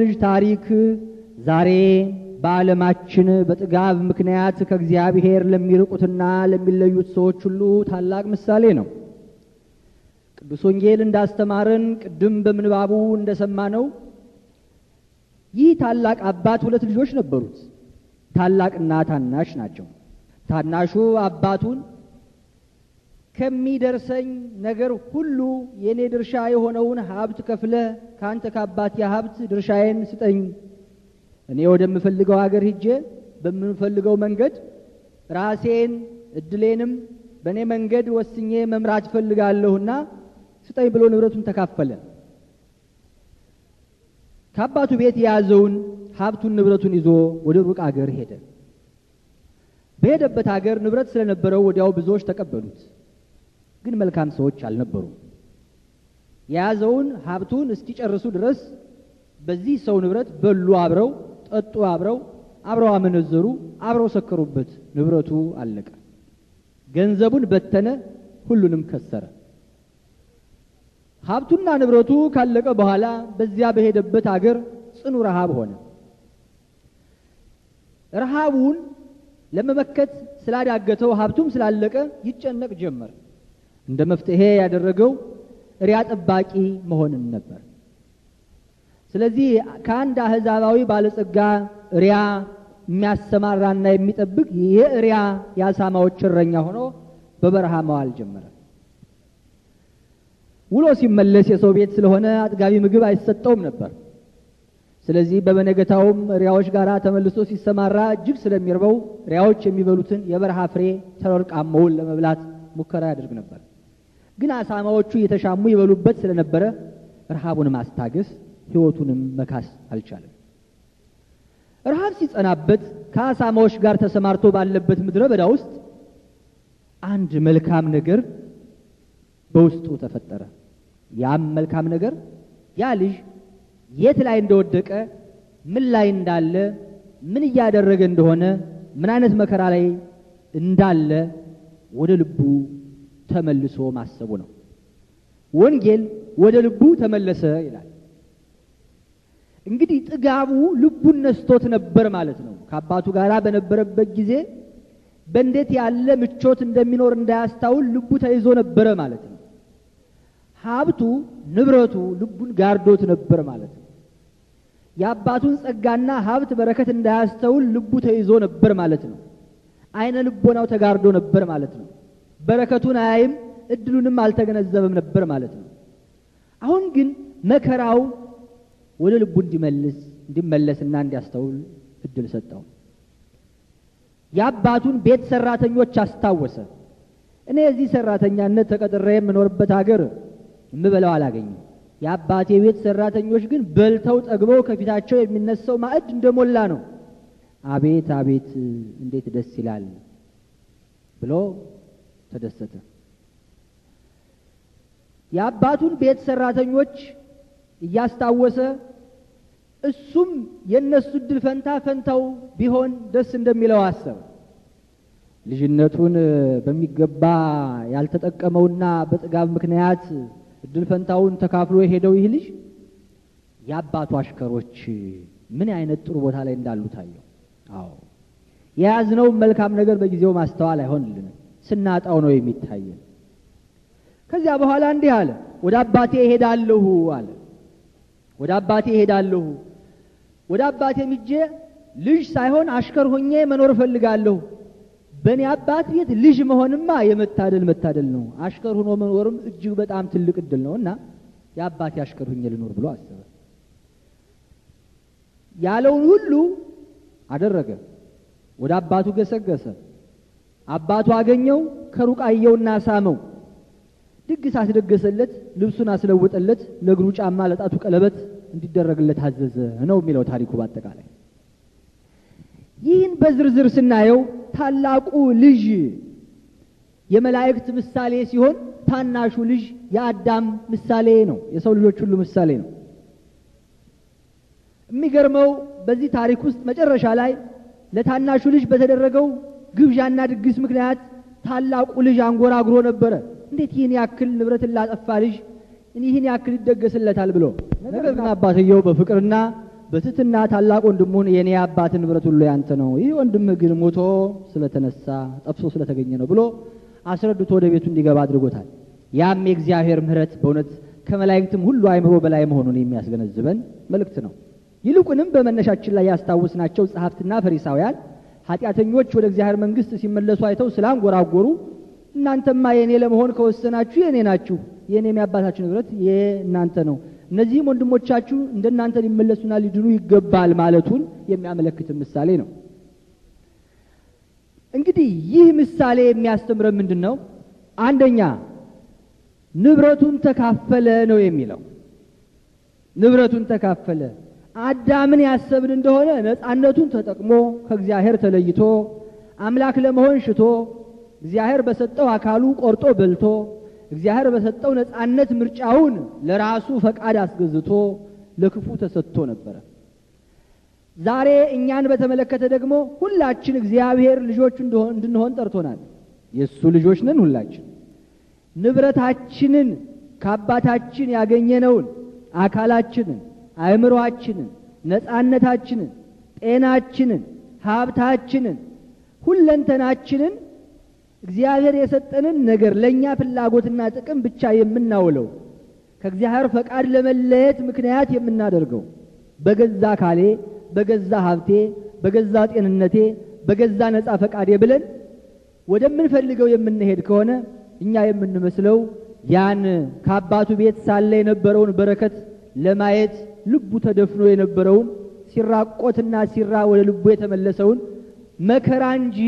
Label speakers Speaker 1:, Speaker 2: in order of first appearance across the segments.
Speaker 1: ልጅ ታሪክ ዛሬ በዓለማችን በጥጋብ ምክንያት ከእግዚአብሔር ለሚርቁትና ለሚለዩት ሰዎች ሁሉ ታላቅ ምሳሌ ነው። ቅዱስ ወንጌል እንዳስተማረን ቅድም በምንባቡ እንደሰማነው ይህ ታላቅ አባት ሁለት ልጆች ነበሩት። ታላቅና ታናሽ ናቸው። ታናሹ አባቱን ከሚደርሰኝ ነገር ሁሉ የእኔ ድርሻ የሆነውን ሀብት ከፍለ ከአንተ ከአባቴ ሀብት ድርሻዬን ስጠኝ። እኔ ወደምፈልገው አገር ሂጄ በምንፈልገው መንገድ ራሴን እድሌንም በእኔ መንገድ ወስኜ መምራት እፈልጋለሁና ስጠኝ ብሎ ንብረቱን ተካፈለ። ከአባቱ ቤት የያዘውን ሀብቱን ንብረቱን ይዞ ወደ ሩቅ አገር ሄደ። በሄደበት አገር ንብረት ስለነበረው ወዲያው ብዙዎች ተቀበሉት። ግን መልካም ሰዎች አልነበሩም። የያዘውን ሀብቱን እስኪጨርሱ ድረስ በዚህ ሰው ንብረት በሉ፣ አብረው ጠጡ፣ አብረው አብረው አመነዘሩ፣ አብረው ሰከሩበት። ንብረቱ አለቀ። ገንዘቡን በተነ፣ ሁሉንም ከሰረ። ሀብቱና ንብረቱ ካለቀ በኋላ በዚያ በሄደበት አገር ጽኑ ረሃብ ሆነ። ረሃቡን ለመመከት ስላዳገተው ሀብቱም ስላለቀ ይጨነቅ ጀመር። እንደ መፍትሄ ያደረገው ሪያ ጠባቂ መሆንን ነበር። ስለዚህ ከአንድ አህዛባዊ ባለጸጋ ሪያ የሚያሰማራና የሚጠብቅ ይህ ሪያ የአሳማዎች እረኛ ሆኖ በበረሃ መዋል ጀመረ። ውሎ ሲመለስ የሰው ቤት ስለሆነ አጥጋቢ ምግብ አይሰጠውም ነበር። ስለዚህ በበነገታውም ሪያዎች ጋር ተመልሶ ሲሰማራ እጅግ ስለሚርበው ሪያዎች የሚበሉትን የበረሃ ፍሬ ተረርቃመውን ለመብላት ሙከራ ያደርግ ነበር። ግን አሳማዎቹ የተሻሙ ይበሉበት ስለነበረ ረሃቡን ማስታገስ ሕይወቱንም መካስ አልቻለም። ረሃብ ሲጸናበት ከአሳማዎች ጋር ተሰማርቶ ባለበት ምድረ በዳ ውስጥ አንድ መልካም ነገር በውስጡ ተፈጠረ። ያም መልካም ነገር ያ ልጅ የት ላይ እንደወደቀ፣ ምን ላይ እንዳለ፣ ምን እያደረገ እንደሆነ፣ ምን አይነት መከራ ላይ እንዳለ ወደ ልቡ ተመልሶ ማሰቡ ነው። ወንጌል ወደ ልቡ ተመለሰ ይላል። እንግዲህ ጥጋቡ ልቡን ነስቶት ነበር ማለት ነው። ከአባቱ ጋር በነበረበት ጊዜ በእንዴት ያለ ምቾት እንደሚኖር እንዳያስታውል ልቡ ተይዞ ነበረ ማለት ነው። ሀብቱ፣ ንብረቱ ልቡን ጋርዶት ነበር ማለት ነው። የአባቱን ጸጋና ሀብት በረከት እንዳያስተውል ልቡ ተይዞ ነበር ማለት ነው። አይነ ልቦናው ተጋርዶ ነበር ማለት ነው። በረከቱን አያይም፣ እድሉንም አልተገነዘበም ነበር ማለት ነው። አሁን ግን መከራው ወደ ልቡ እንዲመልስ እንዲመለስና እንዲያስተውል እድል ሰጠው። የአባቱን ቤት ሰራተኞች አስታወሰ። እኔ እዚህ ሰራተኛነት ተቀጥሬ የምኖርበት ሀገር የምበላው አላገኝም። የአባቴ ቤት ሰራተኞች ግን በልተው ጠግበው ከፊታቸው የሚነሳው ማዕድ እንደሞላ ነው። አቤት አቤት እንዴት ደስ ይላል ብሎ ተደሰተ። የአባቱን ቤት ሰራተኞች እያስታወሰ እሱም የእነሱ እድል ፈንታ ፈንታው ቢሆን ደስ እንደሚለው አሰበ። ልጅነቱን በሚገባ ያልተጠቀመውና በጥጋብ ምክንያት እድል ፈንታውን ተካፍሎ የሄደው ይህ ልጅ የአባቱ አሽከሮች ምን አይነት ጥሩ ቦታ ላይ እንዳሉ ታየው። አዎ የያዝነውን መልካም ነገር በጊዜው ማስተዋል አይሆንልንም። ስናጣው ነው የሚታየን። ከዚያ በኋላ እንዲህ አለ፣ ወደ አባቴ እሄዳለሁ አለ። ወደ አባቴ እሄዳለሁ፣ ወደ አባቴ ምጄ ልጅ ሳይሆን አሽከር ሆኜ መኖር እፈልጋለሁ። በእኔ አባት ቤት ልጅ መሆንማ የመታደል መታደል ነው። አሽከር ሆኖ መኖርም እጅግ በጣም ትልቅ እድል ነው እና የአባቴ አሽከር ሆኜ ልኖር ብሎ አሰበ። ያለውን ሁሉ አደረገ። ወደ አባቱ ገሰገሰ። አባቱ አገኘው፣ ከሩቅ አየውና ሳመው። ድግስ አስደገሰለት፣ ልብሱን አስለወጠለት፣ ለእግሩ ጫማ፣ ለጣቱ ቀለበት እንዲደረግለት አዘዘ ነው የሚለው ታሪኩ በአጠቃላይ። ይህን በዝርዝር ስናየው ታላቁ ልጅ የመላእክት ምሳሌ ሲሆን ታናሹ ልጅ የአዳም ምሳሌ ነው። የሰው ልጆች ሁሉ ምሳሌ ነው። የሚገርመው በዚህ ታሪክ ውስጥ መጨረሻ ላይ ለታናሹ ልጅ በተደረገው ግብዣና ድግስ ምክንያት ታላቁ ልጅ አንጎራጉሮ ነበረ። እንዴት ይህን ያክል ንብረት ላጠፋ ልጅ ይህን ያክል ይደገስለታል ብሎ። ነገር ግን አባትየው በፍቅርና በትትና ታላቅ ወንድሙን የእኔ አባት ንብረት ሁሉ ያንተ ነው፣ ይህ ወንድም ግን ሞቶ ስለተነሳ ጠፍቶ ስለተገኘ ነው ብሎ አስረድቶ ወደ ቤቱ እንዲገባ አድርጎታል። ያም የእግዚአብሔር ምሕረት በእውነት ከመላእክትም ሁሉ አይምሮ በላይ መሆኑን የሚያስገነዝበን መልእክት ነው። ይልቁንም በመነሻችን ላይ ያስታውስናቸው ጸሐፍትና ፈሪሳውያን ኃጢአተኞች ወደ እግዚአብሔር መንግሥት ሲመለሱ አይተው ስላንጎራጎሩ እናንተማ የእኔ ለመሆን ከወሰናችሁ የእኔ ናችሁ፣ የእኔ የሚያባታችሁ ንብረት የእናንተ ነው። እነዚህም ወንድሞቻችሁ እንደ እናንተ ሊመለሱና ሊድኑ ይገባል ማለቱን የሚያመለክት ምሳሌ ነው። እንግዲህ ይህ ምሳሌ የሚያስተምረ ምንድን ነው? አንደኛ ንብረቱን ተካፈለ ነው የሚለው። ንብረቱን ተካፈለ አዳምን ያሰብን እንደሆነ ነፃነቱን ተጠቅሞ ከእግዚአብሔር ተለይቶ አምላክ ለመሆን ሽቶ እግዚአብሔር በሰጠው አካሉ ቆርጦ በልቶ እግዚአብሔር በሰጠው ነፃነት ምርጫውን ለራሱ ፈቃድ አስገዝቶ ለክፉ ተሰጥቶ ነበረ። ዛሬ እኛን በተመለከተ ደግሞ ሁላችን እግዚአብሔር ልጆች እንድንሆን ጠርቶናል። የእሱ ልጆች ነን። ሁላችን ንብረታችንን ከአባታችን ያገኘነውን አካላችንን አእምሯችንን፣ ነፃነታችንን፣ ጤናችንን፣ ሀብታችንን፣ ሁለንተናችንን እግዚአብሔር የሰጠንን ነገር ለእኛ ፍላጎትና ጥቅም ብቻ የምናውለው ከእግዚአብሔር ፈቃድ ለመለየት ምክንያት የምናደርገው በገዛ አካሌ፣ በገዛ ሀብቴ፣ በገዛ ጤንነቴ፣ በገዛ ነፃ ፈቃዴ ብለን ወደምንፈልገው የምንሄድ ከሆነ እኛ የምንመስለው ያን ከአባቱ ቤት ሳለ የነበረውን በረከት ለማየት ልቡ ተደፍኖ የነበረውን ሲራቆትና ሲራ ወደ ልቡ የተመለሰውን መከራ እንጂ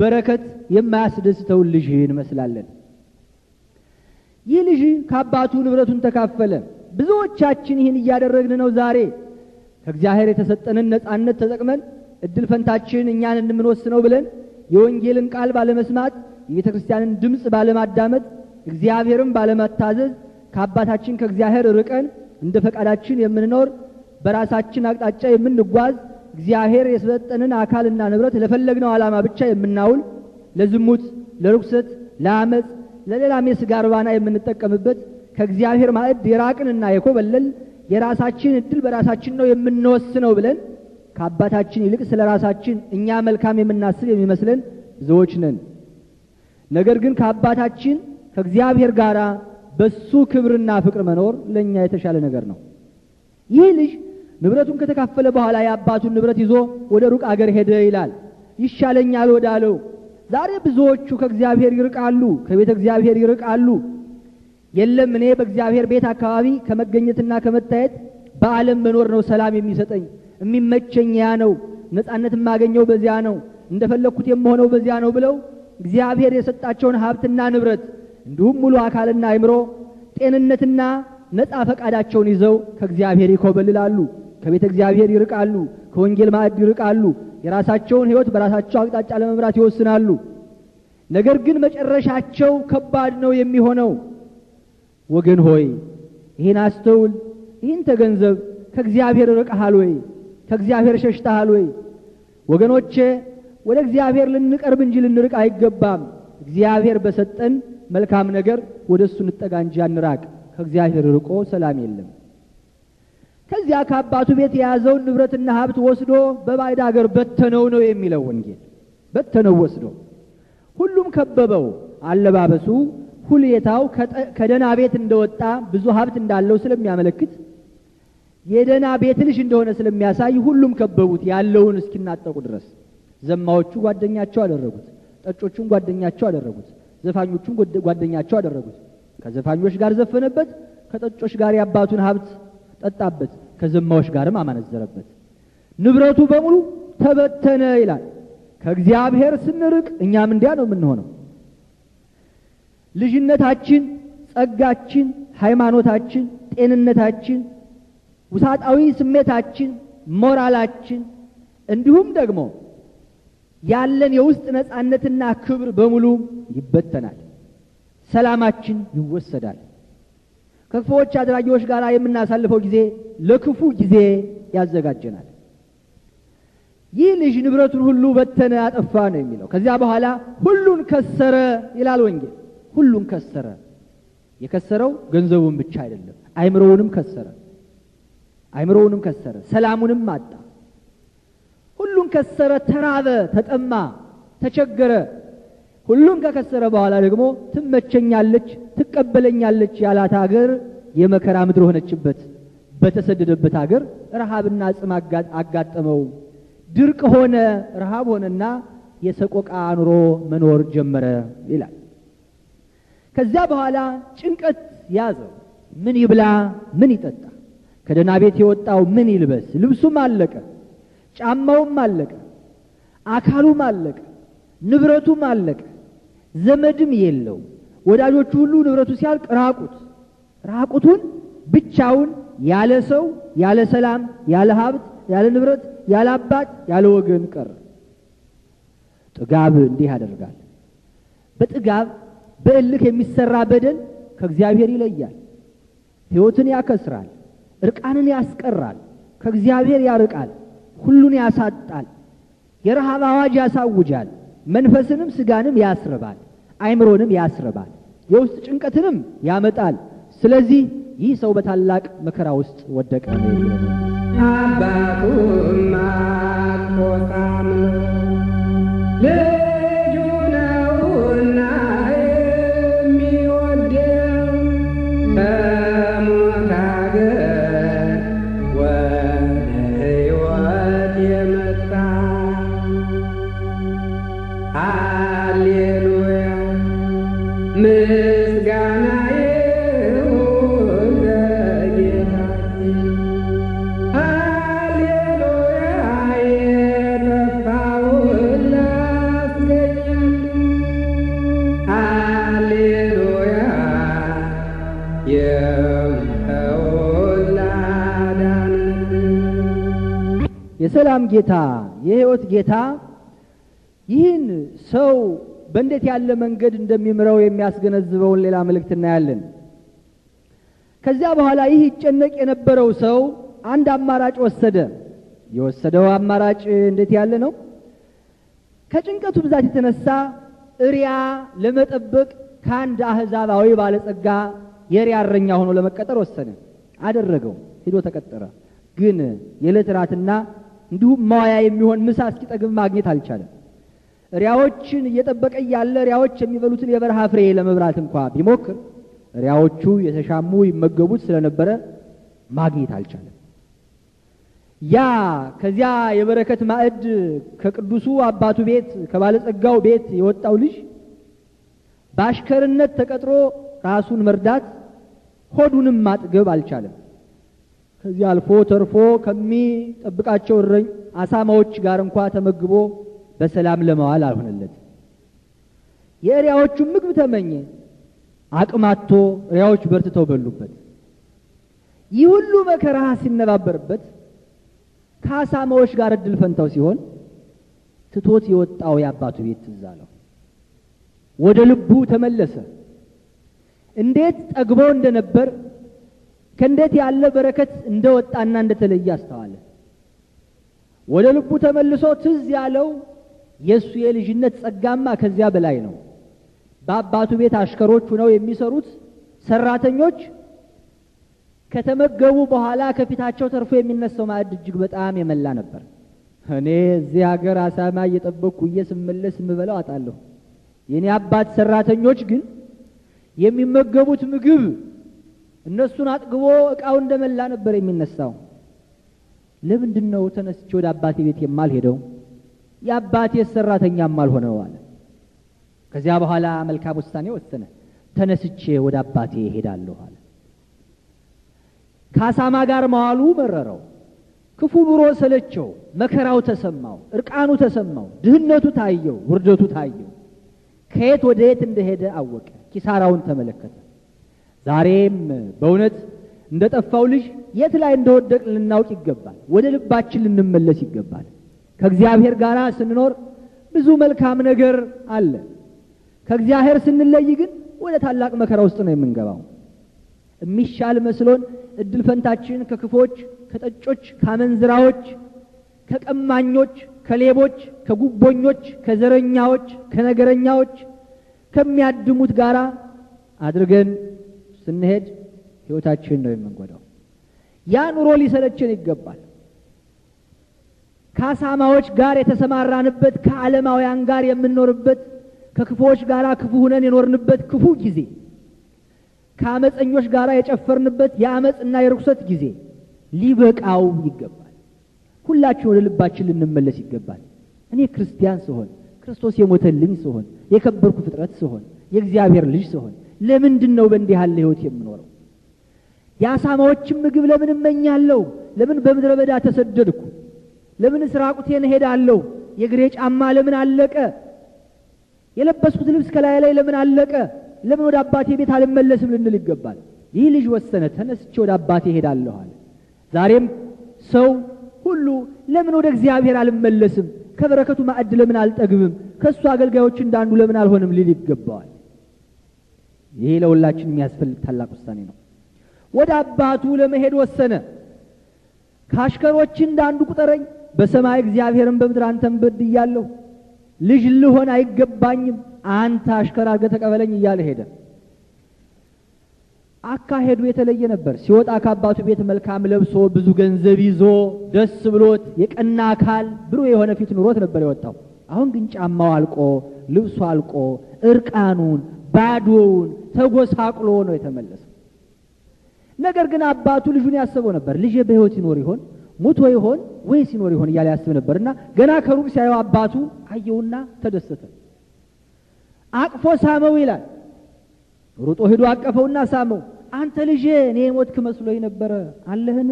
Speaker 1: በረከት የማያስደስተውን ልጅ እንመስላለን። ይህ ልጅ ከአባቱ ንብረቱን ተካፈለ። ብዙዎቻችን ይህን እያደረግን ነው። ዛሬ ከእግዚአብሔር የተሰጠንን ነፃነት ተጠቅመን እድል ፈንታችን እኛን እንደምንወስነው ብለን የወንጌልን ቃል ባለመስማት የቤተ ክርስቲያንን ድምፅ ባለማዳመጥ እግዚአብሔርን ባለመታዘዝ ከአባታችን ከእግዚአብሔር ርቀን እንደ ፈቃዳችን የምንኖር በራሳችን አቅጣጫ የምንጓዝ እግዚአብሔር የሰጠንን አካልና ንብረት ለፈለግነው ዓላማ ብቻ የምናውል ለዝሙት፣ ለርኩሰት፣ ለአመፅ፣ ለሌላም የሥጋ እርባና የምንጠቀምበት ከእግዚአብሔር ማዕድ የራቅንና የኮበለል የራሳችን እድል በራሳችን ነው የምንወስነው ብለን ከአባታችን ይልቅ ስለ ራሳችን እኛ መልካም የምናስብ የሚመስለን ብዙዎች ነን። ነገር ግን ከአባታችን ከእግዚአብሔር ጋር በሱ ክብርና ፍቅር መኖር ለእኛ የተሻለ ነገር ነው። ይህ ልጅ ንብረቱን ከተካፈለ በኋላ የአባቱን ንብረት ይዞ ወደ ሩቅ አገር ሄደ ይላል። ይሻለኛል ወዳለው። ዛሬ ብዙዎቹ ከእግዚአብሔር ይርቃሉ፣ ከቤተ እግዚአብሔር ይርቃሉ። የለም እኔ በእግዚአብሔር ቤት አካባቢ ከመገኘትና ከመታየት በዓለም መኖር ነው ሰላም የሚሰጠኝ የሚመቸኝ ያ ነው፣ ነጻነት የማገኘው በዚያ ነው፣ እንደፈለግኩት የምሆነው በዚያ ነው ብለው እግዚአብሔር የሰጣቸውን ሀብትና ንብረት እንዲሁም ሙሉ አካልና አይምሮ ጤንነትና ነፃ ፈቃዳቸውን ይዘው ከእግዚአብሔር ይኮበልላሉ፣ ከቤተ እግዚአብሔር ይርቃሉ፣ ከወንጌል ማዕድ ይርቃሉ፣ የራሳቸውን ሕይወት በራሳቸው አቅጣጫ ለመምራት ይወስናሉ። ነገር ግን መጨረሻቸው ከባድ ነው የሚሆነው። ወገን ሆይ ይህን አስተውል፣ ይህን ተገንዘብ። ከእግዚአብሔር ርቀሃል ወይ? ከእግዚአብሔር ሸሽተሃል ወይ? ወገኖቼ ወደ እግዚአብሔር ልንቀርብ እንጂ ልንርቅ አይገባም። እግዚአብሔር በሰጠን መልካም ነገር ወደ እሱ እንጠጋ እንጂ አንራቅ። ከእግዚአብሔር ርቆ ሰላም የለም። ከዚያ ከአባቱ ቤት የያዘውን ንብረትና ሀብት ወስዶ በባዕድ አገር በተነው ነው የሚለው ወንጌል። በተነው ወስዶ ሁሉም ከበበው። አለባበሱ፣ ሁኔታው ከደና ቤት እንደወጣ ብዙ ሀብት እንዳለው ስለሚያመለክት የደና ቤት ልጅ እንደሆነ ስለሚያሳይ ሁሉም ከበቡት ያለውን እስኪናጠቁ ድረስ። ዘማዎቹ ጓደኛቸው አደረጉት፣ ጠጮቹም ጓደኛቸው አደረጉት። ዘፋኞቹም ጓደኛቸው አደረጉት። ከዘፋኞች ጋር ዘፈነበት፣ ከጠጮች ጋር የአባቱን ሀብት ጠጣበት፣ ከዘማዎች ጋርም አመነዘረበት። ንብረቱ በሙሉ ተበተነ ይላል። ከእግዚአብሔር ስንርቅ እኛም እንዲያ ነው የምንሆነው። ልጅነታችን፣ ጸጋችን፣ ሃይማኖታችን፣ ጤንነታችን፣ ውሳጣዊ ስሜታችን፣ ሞራላችን እንዲሁም ደግሞ ያለን የውስጥ ነፃነትና ክብር በሙሉ ይበተናል፣ ሰላማችን ይወሰዳል። ከክፉዎች አድራጊዎች ጋር የምናሳልፈው ጊዜ ለክፉ ጊዜ ያዘጋጀናል። ይህ ልጅ ንብረቱን ሁሉ በተነ፣ አጠፋ ነው የሚለው። ከዚያ በኋላ ሁሉን ከሰረ ይላል ወንጌል። ሁሉን ከሰረ። የከሰረው ገንዘቡን ብቻ አይደለም፣ አይምሮውንም ከሰረ። አይምሮውንም ከሰረ፣ ሰላሙንም አጣ። ሁሉን ከሰረ፣ ተራበ፣ ተጠማ፣ ተቸገረ። ሁሉን ከከሰረ በኋላ ደግሞ ትመቸኛለች፣ ትቀበለኛለች ያላት አገር የመከራ ምድር ሆነችበት። በተሰደደበት አገር ረሃብና ጽም አጋጠመው። ድርቅ ሆነ፣ ረሃብ ሆነና የሰቆቃ ኑሮ መኖር ጀመረ ይላል። ከዚያ በኋላ ጭንቀት ያዘው። ምን ይብላ፣ ምን ይጠጣ፣ ከደህና ቤት የወጣው ምን ይልበስ፣ ልብሱም አለቀ። ጫማውም አለቀ፣ አካሉም አለቀ፣ ንብረቱም አለቀ፣ ዘመድም የለው። ወዳጆቹ ሁሉ ንብረቱ ሲያልቅ ራቁት፣ ራቁቱን ብቻውን ያለ ሰው ያለ ሰላም ያለ ሀብት ያለ ንብረት ያለ አባት ያለ ወገን ቀረ። ጥጋብ እንዲህ ያደርጋል። በጥጋብ በእልክ የሚሰራ በደል ከእግዚአብሔር ይለያል፣ ሕይወትን ያከስራል፣ እርቃንን ያስቀራል፣ ከእግዚአብሔር ያርቃል። ሁሉን ያሳጣል። የረሃብ አዋጅ ያሳውጃል። መንፈስንም ስጋንም ያስርባል። አይምሮንም ያስርባል። የውስጥ ጭንቀትንም ያመጣል። ስለዚህ ይህ ሰው በታላቅ መከራ ውስጥ ወደቀ። አባቱማ የሰላም ጌታ የህይወት ጌታ ይህን ሰው በእንዴት ያለ መንገድ እንደሚምረው የሚያስገነዝበውን ሌላ መልእክት እናያለን። ከዚያ በኋላ ይህ ይጨነቅ የነበረው ሰው አንድ አማራጭ ወሰደ። የወሰደው አማራጭ እንዴት ያለ ነው! ከጭንቀቱ ብዛት የተነሳ እሪያ ለመጠበቅ ከአንድ አህዛባዊ ባለጸጋ የእሪያ እረኛ ሆኖ ለመቀጠር ወሰነ። አደረገው፣ ሄዶ ተቀጠረ። ግን የዕለት ራትና እንዲሁም መዋያ የሚሆን ምሳ እስኪጠግብ ማግኘት አልቻለም። ሪያዎችን እየጠበቀ እያለ ሪያዎች የሚበሉትን የበረሃ ፍሬ ለመብራት እንኳ ቢሞክር ሪያዎቹ የተሻሙ ይመገቡት ስለነበረ ማግኘት አልቻለም። ያ ከዚያ የበረከት ማዕድ ከቅዱሱ አባቱ ቤት ከባለጸጋው ቤት የወጣው ልጅ በአሽከርነት ተቀጥሮ ራሱን መርዳት ሆዱንም ማጥገብ አልቻለም። ከዚህ አልፎ ተርፎ ከሚጠብቃቸው እረኝ አሳማዎች ጋር እንኳ ተመግቦ በሰላም ለመዋል አልሆነለት። የእሪያዎቹን ምግብ ተመኘ፣ አቅማቶ እሪያዎች በርትተው በሉበት። ይህ ሁሉ መከራ ሲነባበርበት ከአሳማዎች ጋር እድል ፈንታው ሲሆን ትቶት የወጣው የአባቱ ቤት ትዝ አለው። ወደ ልቡ ተመለሰ። እንዴት ጠግቦ እንደነበር ከእንዴት ያለ በረከት እንደወጣና እንደተለየ አስተዋለ። ወደ ልቡ ተመልሶ ትዝ ያለው የእሱ የልጅነት ጸጋማ ከዚያ በላይ ነው። በአባቱ ቤት አሽከሮች ሆነው የሚሰሩት ሰራተኞች ከተመገቡ በኋላ ከፊታቸው ተርፎ የሚነሳው ማዕድ እጅግ በጣም የመላ ነበር። እኔ እዚህ ሀገር አሳማ እየጠበቅኩ ስመለስ የምበላው አጣለሁ። የእኔ አባት ሰራተኞች ግን የሚመገቡት ምግብ እነሱን አጥግቦ እቃው እንደመላ ነበር የሚነሳው። ለምንድን ነው ተነስቼ ወደ አባቴ ቤት የማልሄደው? የአባቴ ሰራተኛም አልሆነው አለ። ከዚያ በኋላ መልካም ውሳኔ ወሰነ። ተነስቼ ወደ አባቴ እሄዳለሁ አለ። ከአሳማ ጋር መዋሉ መረረው። ክፉ ኑሮ ሰለቸው። መከራው ተሰማው፣ እርቃኑ ተሰማው፣ ድህነቱ ታየው፣ ውርደቱ ታየው። ከየት ወደ የት እንደሄደ አወቀ፣ ኪሳራውን ተመለከተ። ዛሬም በእውነት እንደ ጠፋው ልጅ የት ላይ እንደወደቅ ልናውቅ ይገባል። ወደ ልባችን ልንመለስ ይገባል። ከእግዚአብሔር ጋር ስንኖር ብዙ መልካም ነገር አለ። ከእግዚአብሔር ስንለይ ግን ወደ ታላቅ መከራ ውስጥ ነው የምንገባው። የሚሻል መስሎን እድል ፈንታችን ከክፎች፣ ከጠጮች፣ ከአመንዝራዎች፣ ከቀማኞች፣ ከሌቦች፣ ከጉቦኞች፣ ከዘረኛዎች፣ ከነገረኛዎች፣ ከሚያድሙት ጋራ አድርገን ስንሄድ ህይወታችን ነው የምንጎዳው። ያ ኑሮ ሊሰለችን ይገባል። ከአሳማዎች ጋር የተሰማራንበት፣ ከዓለማውያን ጋር የምንኖርበት፣ ከክፉዎች ጋር ክፉ ሁነን የኖርንበት ክፉ ጊዜ፣ ከአመፀኞች ጋር የጨፈርንበት የአመፅና የርኩሰት ጊዜ ሊበቃው ይገባል። ሁላችን ወደ ልባችን ልንመለስ ይገባል። እኔ ክርስቲያን ስሆን፣ ክርስቶስ የሞተልኝ ስሆን፣ የከበርኩ ፍጥረት ስሆን፣ የእግዚአብሔር ልጅ ስሆን ለምንድን ነው በእንዲህ ያለ ህይወት የምኖረው? የአሳማዎችን ምግብ ለምን እመኛለሁ? ለምን በምድረ በዳ ተሰደድኩ? ለምን ስራቁቴን እሄዳለሁ? የእግሬ ጫማ ለምን አለቀ? የለበስኩት ልብስ ከላይ ላይ ለምን አለቀ? ለምን ወደ አባቴ ቤት አልመለስም ልንል ይገባል። ይህ ልጅ ወሰነ፣ ተነስቼ ወደ አባቴ እሄዳለሁ አለ። ዛሬም ሰው ሁሉ ለምን ወደ እግዚአብሔር አልመለስም? ከበረከቱ ማዕድ ለምን አልጠግብም? ከእሱ አገልጋዮች እንዳንዱ ለምን አልሆንም ሊል ይገባዋል። ይሄ ለሁላችን የሚያስፈልግ ታላቅ ውሳኔ ነው። ወደ አባቱ ለመሄድ ወሰነ። ከአሽከሮች እንደ አንዱ ቁጠረኝ፣ በሰማይ እግዚአብሔርን በምድር አንተን በድያለሁ፣ ልጅ ልሆን አይገባኝም፣ አንተ አሽከር አድርገህ ተቀበለኝ እያለ ሄደ። አካሄዱ የተለየ ነበር። ሲወጣ ከአባቱ ቤት መልካም ለብሶ ብዙ ገንዘብ ይዞ ደስ ብሎት የቀና አካል ብሩህ የሆነ ፊት ኑሮት ነበር የወጣው። አሁን ግን ጫማው አልቆ ልብሱ አልቆ እርቃኑን ባዶውን ተጎሳቅሎ ነው የተመለሰው። ነገር ግን አባቱ ልጁን ያስበው ነበር። ልጄ በሕይወት ይኖር ይሆን ሙቶ ይሆን ወይስ ይኖር ይሆን እያለ ያስብ ነበር እና ገና ከሩቅ ሲያየው አባቱ አየውና ተደሰተ። አቅፎ ሳመው ይላል። ሩጦ ሂዶ አቀፈውና ሳመው። አንተ ልጄ እኔ ሞትክ መስሎኝ ነበረ፣ አለህን?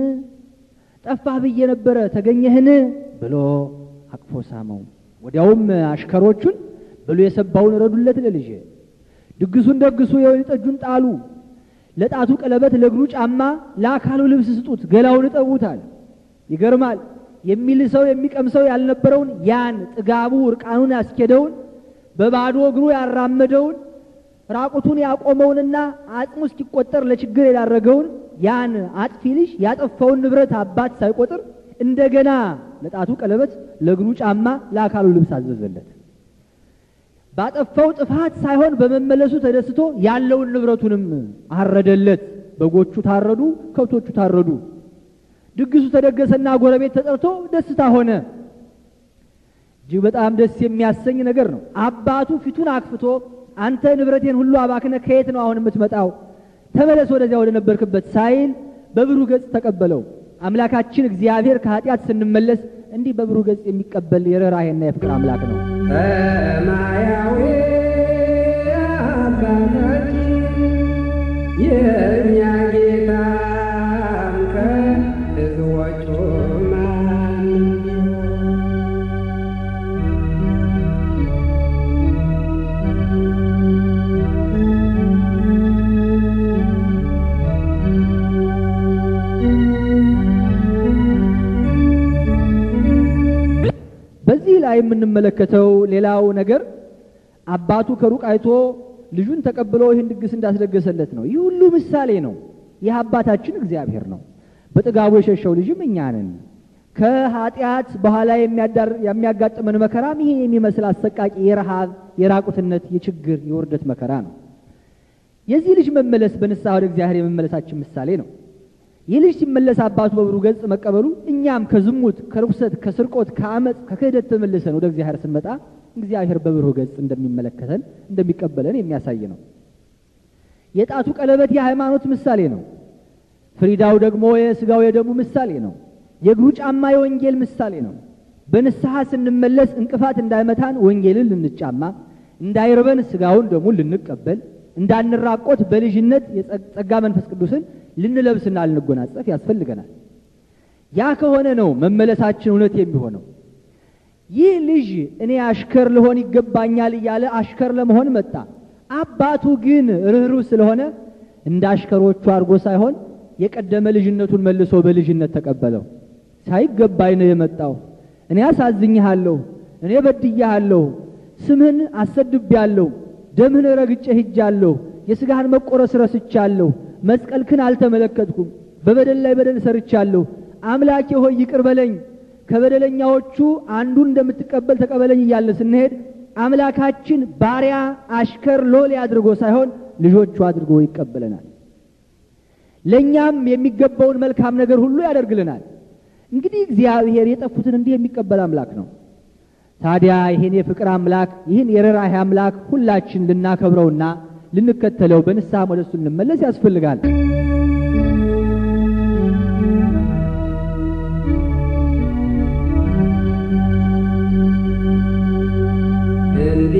Speaker 1: ጠፋህ ብዬ ነበረ፣ ተገኘህን? ብሎ አቅፎ ሳመው። ወዲያውም አሽከሮቹን ብሎ የሰባውን ረዱለት ለልጄ ድግሱን ደግሱ፣ የወይን ጠጁን ጣሉ፣ ለጣቱ ቀለበት፣ ለእግሩ ጫማ፣ ለአካሉ ልብስ ስጡት፣ ገላውን እጠቡታል። ይገርማል። የሚል የሚቀም የሚቀምሰው ያልነበረውን ያን ጥጋቡ እርቃኑን ያስኬደውን በባዶ እግሩ ያራመደውን ራቁቱን ያቆመውንና አጽሙ እስኪቆጠር ለችግር የዳረገውን ያን አጥፊ ልጅ ያጠፋውን ንብረት አባት ሳይቆጥር እንደገና ለጣቱ ቀለበት፣ ለእግሩ ጫማ፣ ለአካሉ ልብስ አዘዘለት። ባጠፋው ጥፋት ሳይሆን በመመለሱ ተደስቶ ያለውን ንብረቱንም አረደለት። በጎቹ ታረዱ፣ ከብቶቹ ታረዱ። ድግሱ ተደገሰና ጎረቤት ተጠርቶ ደስታ ሆነ። እጅግ በጣም ደስ የሚያሰኝ ነገር ነው። አባቱ ፊቱን አክፍቶ አንተ ንብረቴን ሁሉ አባክነ ከየት ነው አሁን የምትመጣው? ተመለስ ወደዚያ ወደ ነበርክበት ሳይል በብሩህ ገጽ ተቀበለው። አምላካችን እግዚአብሔር ከኃጢአት ስንመለስ እንዲህ በብሩህ ገጽ የሚቀበል የርኅራኄና የፍቅር አምላክ ነው።
Speaker 2: ሰማያዊ አባታችን
Speaker 1: የእኛ
Speaker 2: ጌታ
Speaker 1: በዚህ ላይ የምንመለከተው ሌላው ነገር አባቱ ከሩቅ አይቶ ልጁን ተቀብሎ ይህን ድግስ እንዳስደገሰለት ነው። ይህ ሁሉ ምሳሌ ነው። ይህ አባታችን እግዚአብሔር ነው። በጥጋቡ የሸሸው ልጅም እኛ ነን። ከኃጢአት በኋላ የሚያጋጥመን መከራም ይሄ የሚመስል አሰቃቂ የረሃብ፣ የራቁትነት፣ የችግር፣ የውርደት መከራ ነው። የዚህ ልጅ መመለስ በንስሐ ወደ እግዚአብሔር የመመለሳችን ምሳሌ ነው። ይልሽ ሲመለስ አባቱ በብሩ ገጽ መቀበሉ እኛም ከዝሙት፣ ከርኩሰት፣ ከስርቆት፣ ከአመፅ፣ ከክህደት ተመልሰን ወደ እግዚአብሔር ስንመጣ እግዚአብሔር በብሩ ገጽ እንደሚመለከተን እንደሚቀበለን የሚያሳይ ነው። የጣቱ ቀለበት የሃይማኖት ምሳሌ ነው። ፍሪዳው ደግሞ የስጋው የደሙ ምሳሌ ነው። የእግሩ ጫማ የወንጌል ምሳሌ ነው። በንስሐ ስንመለስ እንቅፋት እንዳይመታን ወንጌልን ልንጫማ፣ እንዳይርበን ስጋውን ደሙን ልንቀበል፣ እንዳንራቆት በልጅነት የጸጋ መንፈስ ቅዱስን ልንለብስና ልንጎናጸፍ ያስፈልገናል። ያ ከሆነ ነው መመለሳችን እውነት የሚሆነው። ይህ ልጅ እኔ አሽከር ልሆን ይገባኛል እያለ አሽከር ለመሆን መጣ። አባቱ ግን ርኅሩ ስለሆነ እንደ አሽከሮቹ አድርጎ ሳይሆን የቀደመ ልጅነቱን መልሶ በልጅነት ተቀበለው። ሳይገባኝ ነው የመጣው፣ እኔ አሳዝኝሃለሁ፣ እኔ በድያሃለሁ፣ ስምህን አሰድቤያለሁ፣ ደምህን ረግጬ ሂጃለሁ፣ የሥጋህን መቆረስ ረስቻለሁ፣ መስቀልክን አልተመለከትኩም፣ በበደል ላይ በደል ሰርቻለሁ፣ አምላኬ ሆይ ይቅር በለኝ፣ ከበደለኛዎቹ አንዱን እንደምትቀበል ተቀበለኝ እያለ ስንሄድ አምላካችን ባሪያ፣ አሽከር፣ ሎሌ አድርጎ ሳይሆን ልጆቹ አድርጎ ይቀበለናል። ለእኛም የሚገባውን መልካም ነገር ሁሉ ያደርግልናል። እንግዲህ እግዚአብሔር የጠፉትን እንዲህ የሚቀበል አምላክ ነው። ታዲያ ይህን የፍቅር አምላክ ይህን የርኅራኄ አምላክ ሁላችን ልናከብረውና ልንከተለው በንስሐ ወደሱ ልንመለስ ያስፈልጋል። እንዴ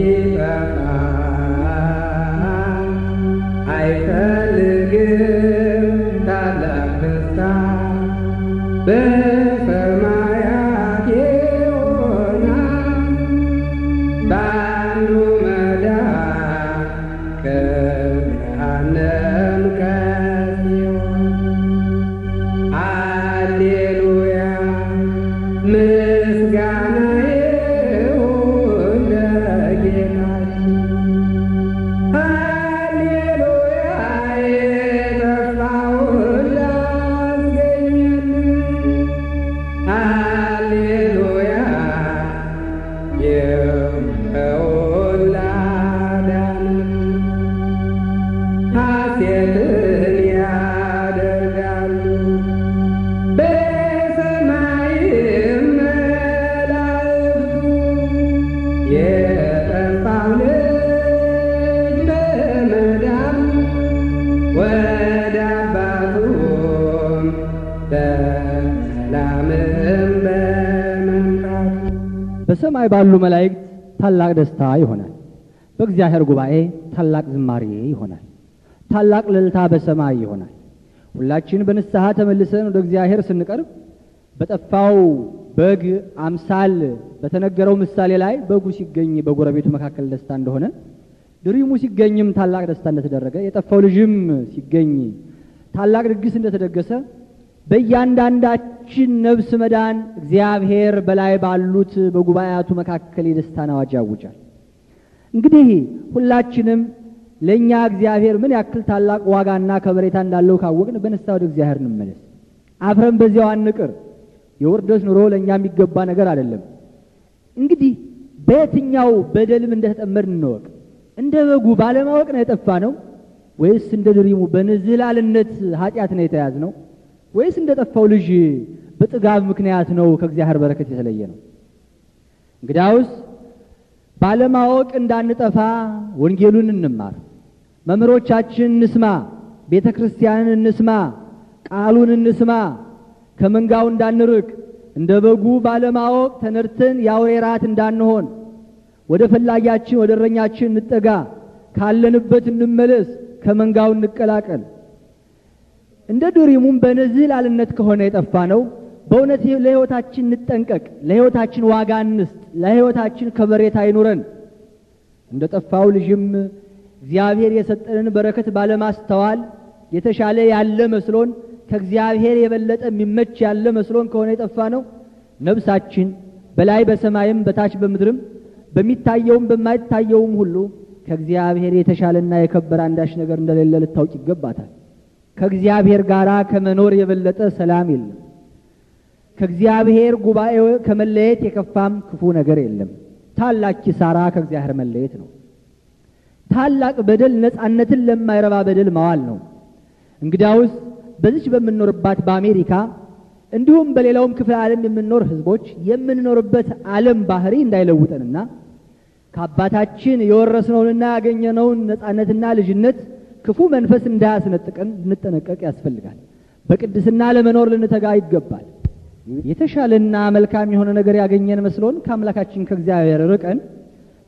Speaker 1: በሰማይ ባሉ መላእክት ታላቅ ደስታ ይሆናል። በእግዚአብሔር ጉባኤ ታላቅ ዝማሬ ይሆናል። ታላቅ ልልታ በሰማይ ይሆናል። ሁላችን በንስሐ ተመልሰን ወደ እግዚአብሔር ስንቀርብ በጠፋው በግ አምሳል በተነገረው ምሳሌ ላይ በጉ ሲገኝ በጎረቤቱ መካከል ደስታ እንደሆነ ድሪሙ ሲገኝም ታላቅ ደስታ እንደተደረገ የጠፋው ልጅም ሲገኝ ታላቅ ድግስ እንደተደገሰ በእያንዳንዳችን ነብስ መዳን እግዚአብሔር በላይ ባሉት በጉባኤያቱ መካከል የደስታን አዋጅ ያውጃል። እንግዲህ ሁላችንም ለእኛ እግዚአብሔር ምን ያክል ታላቅ ዋጋና ከበሬታ እንዳለው ካወቅን በንስሐ ወደ እግዚአብሔር እንመለስ። አፍረን በዚያው አንቅር። የውርደት ኑሮ ለእኛ የሚገባ ነገር አይደለም። እንግዲህ በየትኛው በደልም እንደተጠመድ እንወቅ። እንደ በጉ ባለማወቅ ነው የጠፋ ነው ወይስ እንደ ድሪሙ በንዝህላልነት ኃጢአት ነው የተያዝ ነው? ወይስ እንደጠፋው ልጅ በጥጋብ ምክንያት ነው ከእግዚአብሔር በረከት የተለየ ነው? እንግዳውስ ባለማወቅ እንዳንጠፋ ወንጌሉን እንማር፣ መምህሮቻችን እንስማ፣ ቤተ ክርስቲያንን እንስማ፣ ቃሉን እንስማ፣ ከመንጋው እንዳንርቅ፣ እንደ በጉ ባለማወቅ ተነድተን የአውሬ ራት እንዳንሆን፣ ወደ ፈላጊያችን ወደ እረኛችን እንጠጋ፣ ካለንበት እንመለስ፣ ከመንጋው እንቀላቀል። እንደ ዱሪሙም ላልነት ከሆነ የጠፋ ነው። በእውነት ለሕይወታችን እንጠንቀቅ፣ ለሕይወታችን ዋጋ እንስጥ፣ ለሕይወታችን ከበሬታ አይኑረን። እንደ ጠፋው ልጅም እግዚአብሔር የሰጠንን በረከት ባለማስተዋል የተሻለ ያለ መስሎን ከእግዚአብሔር የበለጠ የሚመች ያለ መስሎን ከሆነ የጠፋ ነው ነብሳችን በላይ በሰማይም በታች በምድርም በሚታየውም በማይታየውም ሁሉ ከእግዚአብሔር የተሻለና የከበረ አንዳች ነገር እንደሌለ ልታውቅ ይገባታል። ከእግዚአብሔር ጋር ከመኖር የበለጠ ሰላም የለም። ከእግዚአብሔር ጉባኤ ከመለየት የከፋም ክፉ ነገር የለም። ታላቅ ኪሳራ ከእግዚአብሔር መለየት ነው። ታላቅ በደል ነፃነትን ለማይረባ በደል ማዋል ነው። እንግዲያውስ በዚች በምንኖርባት በአሜሪካ እንዲሁም በሌላውም ክፍለ ዓለም የምንኖር ህዝቦች የምንኖርበት ዓለም ባህሪ እንዳይለውጠንና ከአባታችን የወረስነውንና ያገኘነውን ነፃነትና ልጅነት ክፉ መንፈስ እንዳያስነጥቀን ልንጠነቀቅ ያስፈልጋል። በቅድስና ለመኖር ልንተጋ ይገባል። የተሻለና መልካም የሆነ ነገር ያገኘን መስሎን ከአምላካችን ከእግዚአብሔር ርቀን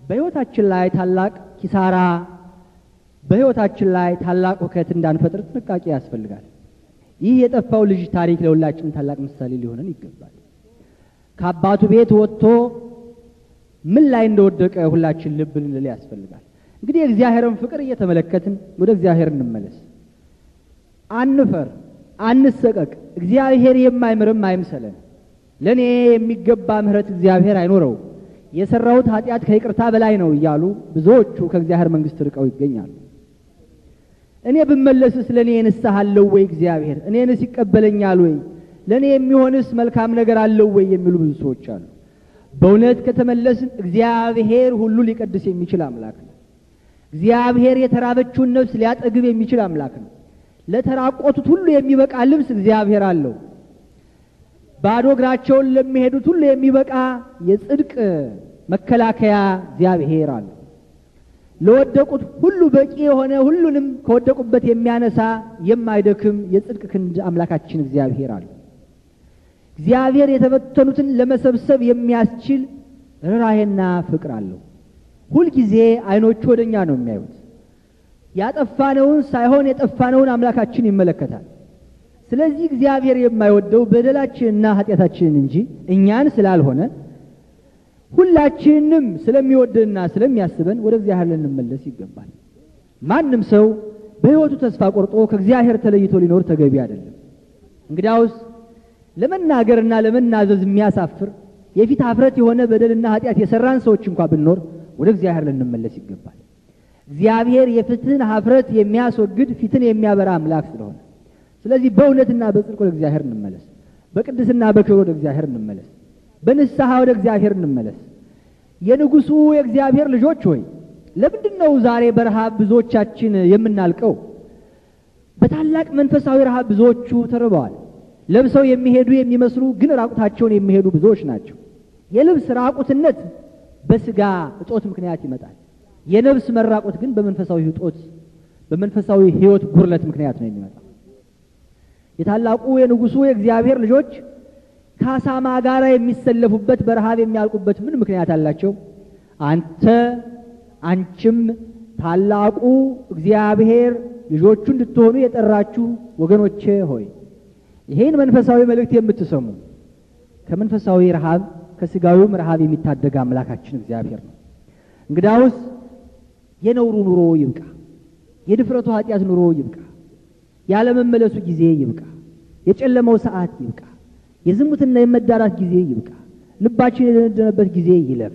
Speaker 1: በሕይወታችን ላይ ታላቅ ኪሳራ፣ በሕይወታችን ላይ ታላቅ ሁከት እንዳንፈጥር ጥንቃቄ ያስፈልጋል። ይህ የጠፋው ልጅ ታሪክ ለሁላችን ታላቅ ምሳሌ ሊሆነን ይገባል። ከአባቱ ቤት ወጥቶ ምን ላይ እንደወደቀ ሁላችን ልብ ልንል ያስፈልጋል። እንግዲህ የእግዚአብሔርን ፍቅር እየተመለከትን ወደ እግዚአብሔር እንመለስ። አንፈር፣ አንሰቀቅ። እግዚአብሔር የማይምርም አይምሰለን። ለእኔ የሚገባ ምሕረት እግዚአብሔር አይኖረው፣ የሰራውት ኃጢአት ከይቅርታ በላይ ነው እያሉ ብዙዎቹ ከእግዚአብሔር መንግሥት ርቀው ይገኛሉ። እኔ ብመለስስ ለእኔ ንስሐ አለው ወይ እግዚአብሔር? እኔንስ ይቀበለኛል ወይ? ለእኔ የሚሆንስ መልካም ነገር አለው ወይ? የሚሉ ብዙ ሰዎች አሉ። በእውነት ከተመለስን እግዚአብሔር ሁሉ ሊቀድስ የሚችል አምላክ እግዚአብሔር የተራበችውን ነፍስ ሊያጠግብ የሚችል አምላክ ነው። ለተራቆቱት ሁሉ የሚበቃ ልብስ እግዚአብሔር አለው። ባዶ እግራቸውን ለሚሄዱት ሁሉ የሚበቃ የጽድቅ መከላከያ እግዚአብሔር አለው። ለወደቁት ሁሉ በቂ የሆነ ሁሉንም ከወደቁበት የሚያነሳ የማይደክም የጽድቅ ክንድ አምላካችን እግዚአብሔር አለ። እግዚአብሔር የተበተኑትን ለመሰብሰብ የሚያስችል ርኅራኄና ፍቅር አለው። ሁልጊዜ አይኖቹ ወደኛ ነው የሚያዩት። ያጠፋነውን ሳይሆን የጠፋነውን አምላካችን ይመለከታል። ስለዚህ እግዚአብሔር የማይወደው በደላችንና ኃጢአታችንን እንጂ እኛን ስላልሆነ ሁላችንም ስለሚወደንና ስለሚያስበን ወደ እግዚአብሔር ልንመለስ ይገባል። ማንም ሰው በሕይወቱ ተስፋ ቆርጦ ከእግዚአብሔር ተለይቶ ሊኖር ተገቢ አይደለም። እንግዲያውስ ለመናገርና ለመናዘዝ የሚያሳፍር የፊት አፍረት የሆነ በደልና ኃጢአት የሰራን ሰዎች እንኳ ብንኖር ወደ እግዚአብሔር ልንመለስ ይገባል። እግዚአብሔር የፍትህን ሀፍረት የሚያስወግድ ፊትን የሚያበራ አምላክ ስለሆነ፣ ስለዚህ በእውነትና በጽድቅ ወደ እግዚአብሔር እንመለስ። በቅድስና በክብር ወደ እግዚአብሔር እንመለስ። በንስሐ ወደ እግዚአብሔር እንመለስ። የንጉሱ የእግዚአብሔር ልጆች ሆይ ለምንድን ነው ዛሬ በረሃብ ብዙዎቻችን የምናልቀው? በታላቅ መንፈሳዊ ረሃብ ብዙዎቹ ተርበዋል። ለብሰው የሚሄዱ የሚመስሉ ግን ራቁታቸውን የሚሄዱ ብዙዎች ናቸው። የልብስ ራቁትነት በስጋ እጦት ምክንያት ይመጣል። የነብስ መራቆት ግን በመንፈሳዊ እጦት፣ በመንፈሳዊ ህይወት ጉርለት ምክንያት ነው የሚመጣው። የታላቁ የንጉሱ የእግዚአብሔር ልጆች ከአሳማ ጋር የሚሰለፉበት በረሃብ የሚያልቁበት ምን ምክንያት አላቸው? አንተ አንቺም ታላቁ እግዚአብሔር ልጆቹ እንድትሆኑ የጠራችሁ ወገኖቼ ሆይ ይህን መንፈሳዊ መልእክት የምትሰሙ ከመንፈሳዊ ረሃብ ከስጋዊውም ረሃብ የሚታደግ አምላካችን እግዚአብሔር ነው። እንግዳውስ የነውሩ ኑሮ ይብቃ፣ የድፍረቱ ኃጢአት ኑሮ ይብቃ፣ ያለመመለሱ ጊዜ ይብቃ፣ የጨለመው ሰዓት ይብቃ፣ የዝሙትና የመዳራት ጊዜ ይብቃ፣ ልባችን የደነደነበት ጊዜ ይለፍ፣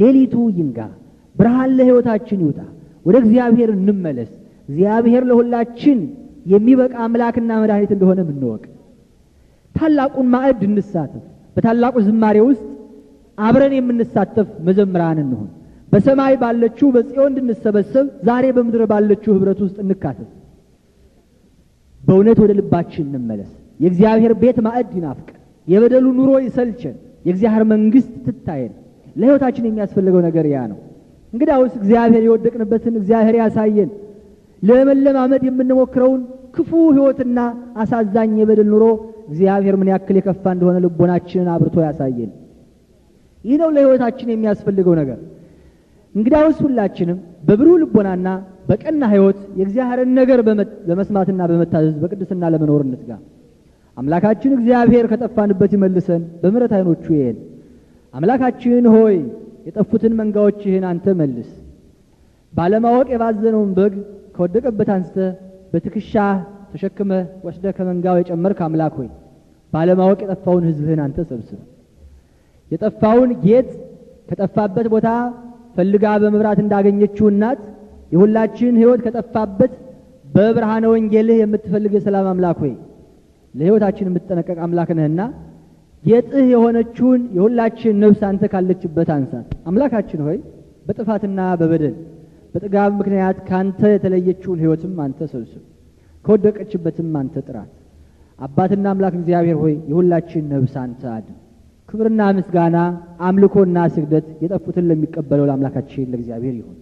Speaker 1: ሌሊቱ ይንጋ፣ ብርሃን ለሕይወታችን ይውጣ፣ ወደ እግዚአብሔር እንመለስ። እግዚአብሔር ለሁላችን የሚበቃ አምላክና መድኃኒት እንደሆነ ምንወቅ ታላቁን ማዕድ እንሳተፍ። በታላቁ ዝማሬ ውስጥ አብረን የምንሳተፍ መዘምራን እንሁን። በሰማይ ባለችው በጽዮን እንድንሰበሰብ ዛሬ በምድር ባለችው ህብረት ውስጥ እንካተት። በእውነት ወደ ልባችን እንመለስ። የእግዚአብሔር ቤት ማዕድ ይናፍቅ፣ የበደሉ ኑሮ ይሰልቸን። የእግዚአብሔር መንግስት ትታየን። ለህይወታችን የሚያስፈልገው ነገር ያ ነው። እንግዲያውስ እግዚአብሔር የወደቅንበትን እግዚአብሔር ያሳየን። ለመለማመድ የምንሞክረውን ክፉ ህይወትና አሳዛኝ የበደል ኑሮ እግዚአብሔር ምን ያክል የከፋ እንደሆነ ልቦናችንን አብርቶ ያሳየን። ይህ ነው ለህይወታችን የሚያስፈልገው ነገር። እንግዲያውስ ሁላችንም በብሩህ ልቦናና በቀና ህይወት የእግዚአብሔርን ነገር በመስማትና በመታዘዝ በቅድስና ለመኖር እንትጋ። አምላካችን እግዚአብሔር ከጠፋንበት ይመልሰን፣ በምረት አይኖቹ ይሄን አምላካችን ሆይ የጠፉትን ይህን አንተ መልስ። ባለማወቅ የባዘነውን በግ ከወደቀበት አንስተ በትክሻ ተሸክመ ወስደ ከመንጋው የጨመርክ አምላክ ሆይ ባለማወቅ የጠፋውን ህዝብህን አንተ ሰብስብ። የጠፋውን ጌጥ ከጠፋበት ቦታ ፈልጋ በመብራት እንዳገኘችው እናት የሁላችን ሕይወት ከጠፋበት በብርሃነ ወንጌልህ የምትፈልግ የሰላም አምላክ ሆይ ለሕይወታችን የምትጠነቀቅ አምላክ ነህና ጌጥህ የሆነችውን የሁላችን ነፍስ አንተ ካለችበት አንሳት። አምላካችን ሆይ በጥፋትና በበደል በጥጋብ ምክንያት ካንተ የተለየችውን ሕይወትም አንተ ሰብስብ፣ ከወደቀችበትም አንተ ጥራት። አባትና አምላክ እግዚአብሔር ሆይ የሁላችን ነፍስ አንተ አድን። ክብርና ምስጋና አምልኮና ስግደት የጠፉትን ለሚቀበለው ለአምላካችን ለእግዚአብሔር ይሁን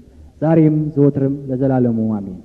Speaker 1: ዛሬም ዘወትርም ለዘላለሙ አሜን።